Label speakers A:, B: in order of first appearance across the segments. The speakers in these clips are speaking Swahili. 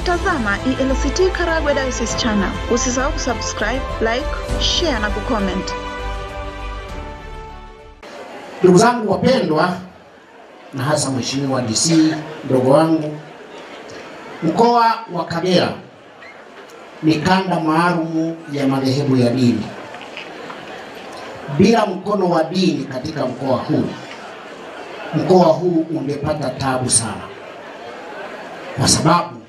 A: Unatazama ELCT Karagwe Diocese Channel. Usisahau kusubscribe, like, share na kucomment.
B: Ndugu zangu wapendwa na hasa Mheshimiwa DC mdogo wangu, mkoa wa Kagera ni kanda maalumu ya madhehebu ya dini. Bila mkono wa dini katika mkoa huu, mkoa huu ungepata tabu sana, kwa sababu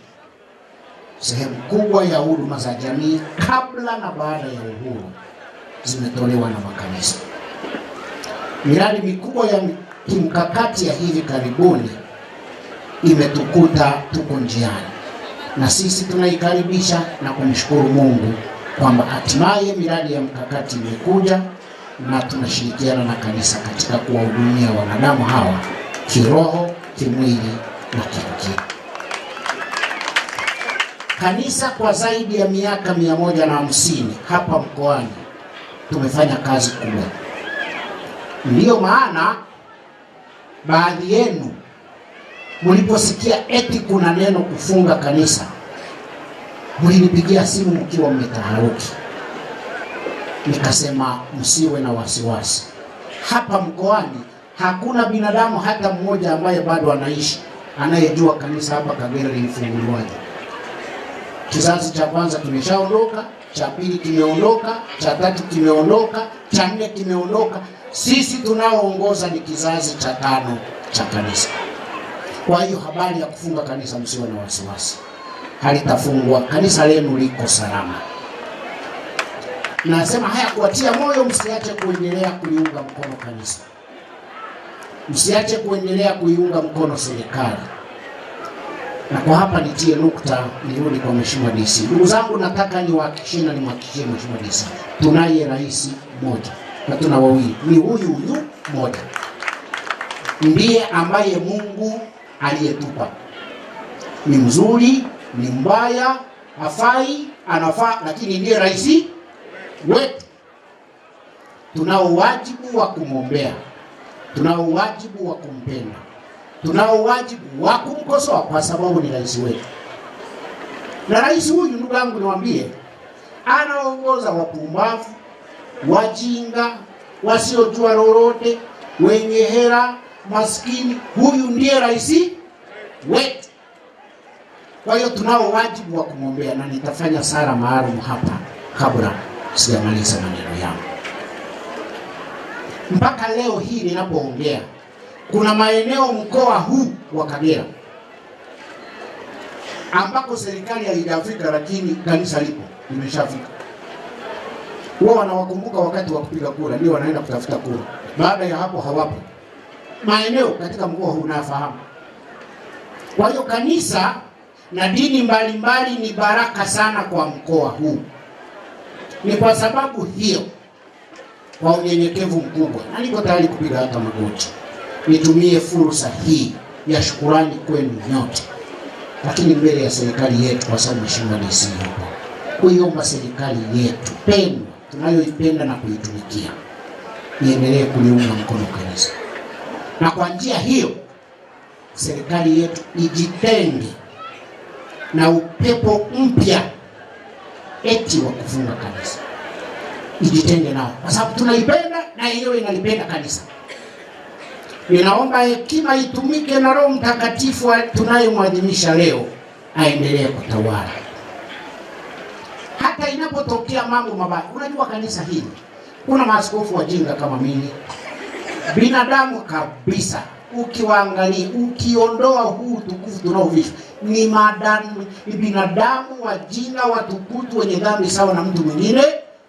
B: Sehemu kubwa ya huduma za jamii kabla na baada ya uhuru zimetolewa na makanisa. Miradi mikubwa ya kimkakati ya hivi karibuni imetukuta tuko njiani, na sisi tunaikaribisha na kumshukuru Mungu kwamba hatimaye miradi ya mkakati imekuja na tunashirikiana na kanisa katika kuwahudumia wanadamu hawa kiroho, kimwili na kiakili. Kanisa kwa zaidi ya miaka mia moja na hamsini hapa mkoani tumefanya kazi kubwa, ndiyo maana baadhi yenu mliposikia eti kuna neno kufunga kanisa mlinipigia simu mkiwa mmetaharuki, nikasema msiwe na wasiwasi. Hapa mkoani hakuna binadamu hata mmoja ambaye bado anaishi anayejua kanisa hapa Kagera lilifunguliwaje. Kizazi cha kwanza kimeshaondoka, cha pili kimeondoka, cha tatu kimeondoka, cha nne kimeondoka. Sisi tunaoongoza ni kizazi cha tano cha kanisa. Kwa hiyo habari ya kufunga kanisa, msiwe na wasiwasi, halitafungwa. Kanisa lenu liko salama. Nasema haya kuwatia moyo, msiache kuendelea kuiunga mkono kanisa, msiache kuendelea kuiunga mkono serikali. Na kwa hapa nitie nukta, nirudi kwa Mheshimiwa DC. Ndugu zangu, nataka niwahakikishie na nimhakikishie Mheshimiwa DC, tunaye rais mmoja na tuna wawili, ni huyu huyu mmoja ndiye ambaye Mungu aliyetupa. Ni mzuri, ni mbaya, hafai, anafaa, lakini ndiye rais wetu. Tunao wajibu wa kumwombea, tunao wajibu wa kumpenda tunao wajibu wa kumkosoa kwa sababu ni rais wetu. Na rais huyu, ndugu yangu, niwaambie, anaongoza wapumbavu, wajinga, wasiojua lolote, wenye hera, maskini. Huyu ndiye rais wetu. Kwa hiyo tunao wajibu wa kumwombea, na nitafanya sala maalum hapa kabla sijamaliza maneno yangu. Mpaka leo hii ninapoongea kuna maeneo mkoa huu wa Kagera ambako serikali haijafika, lakini kanisa lipo limeshafika. Wao wanawakumbuka wakati wa kupiga kura, ndio wanaenda kutafuta kura. Baada ya hapo hawapo. Maeneo katika mkoa huu unafahamu. Kwa hiyo kanisa na dini mbalimbali ni baraka sana kwa mkoa huu. Ni kwa sababu hiyo, kwa unyenyekevu mkubwa, na niko tayari kupiga hata magoti nitumie fursa hii ya shukurani kwenu nyote, lakini mbele ya serikali yetu, kwa sababu mheshimiwa DC yupo, kuiomba serikali yetu pendwa tunayoipenda na kuitumikia iendelee kuliunga mkono kanisa, na kwa njia hiyo serikali yetu ijitenge na upepo mpya eti wa kufunga kanisa, ijitenge nao, kwa sababu tunaipenda na yenyewe inalipenda kanisa. Ninaomba hekima itumike na Roho Mtakatifu tunayomwadhimisha leo aendelee kutawala, hata inapotokea mambo mabaya. Unajua kanisa hili kuna maaskofu wajinga kama mimi, binadamu kabisa. Ukiwaangalia, ukiondoa huu tukufu tunaovisha, ni madani, ni binadamu wajinga, watukutu, wenye dhambi sawa na mtu mwingine.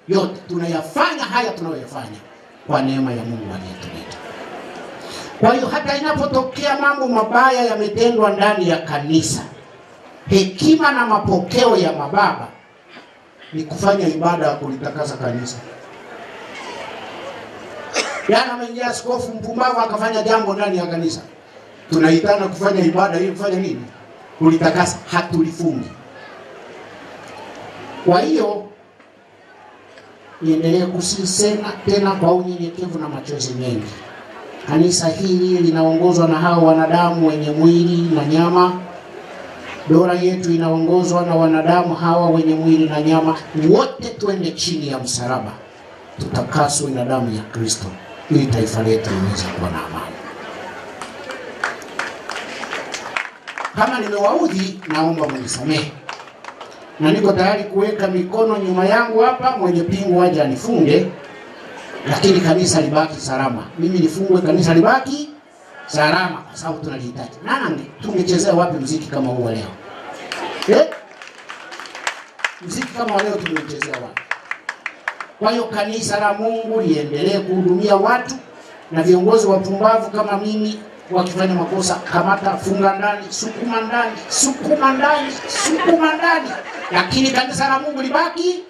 B: Yote tunayafanya haya tunayoyafanya kwa neema ya Mungu aliyetuita. Kwa hiyo hata inapotokea mambo mabaya yametendwa ndani ya kanisa, hekima na mapokeo ya mababa ni kufanya ibada ya kulitakasa kanisa. Jana yaani ameingia askofu mpumbavu akafanya jambo ndani ya kanisa, tunaitana kufanya ibada hiyo. kufanya nini? Kulitakasa, hatulifungi. Kwa hiyo niendelee kusisema tena kwa unyenyekevu na machozi mengi. Kanisa hili linaongozwa na hao wanadamu wenye mwili na nyama. Dola yetu inaongozwa na wanadamu hawa wenye mwili na nyama. Wote twende chini ya msalaba, tutakaswe na damu ya Kristo ili taifa letu liweze kuwa na amani. Kama nimewaudhi, naomba mnisamehe, na niko tayari kuweka mikono nyuma yangu hapa. Mwenye pingu waje anifunge lakini kanisa libaki salama. Mimi nifungwe, kanisa libaki salama, kwa sababu tunalihitaji. Nana, tungechezea wapi mziki kama huu leo eh? Mziki kama leo tumechezea wapi? Kwa hiyo kanisa la Mungu liendelee kuhudumia watu na viongozi wapumbavu kama mimi wakifanya makosa, kamata, funga ndani, sukuma ndani, sukuma ndani, sukuma ndani, lakini kanisa la Mungu libaki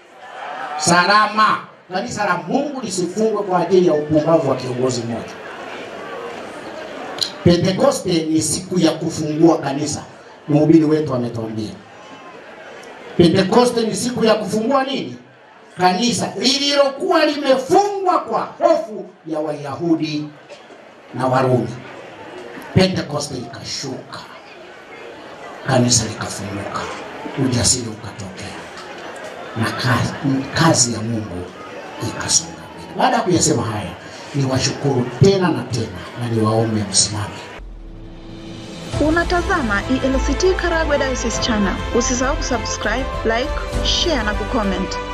B: salama kanisa la Mungu lisifungwe kwa ajili ya upumbavu wa kiongozi mmoja. Pentekoste ni siku ya kufungua kanisa, mhubiri wetu ametuambia. Pentekoste ni siku ya kufungua nini? Kanisa lililokuwa limefungwa kwa hofu ya Wayahudi na Warumi. Pentekoste ikashuka, kanisa likafunguka, ujasiri ukatokea na kazi, kazi ya Mungu ikasonga mbele. Baada ya kuyasema haya, niwashukuru tena na tena na niwaombe msimame.
A: Unatazama ELCT Karagwe Diocese Channel. Usisahau kusubscribe, like, share na kucomment.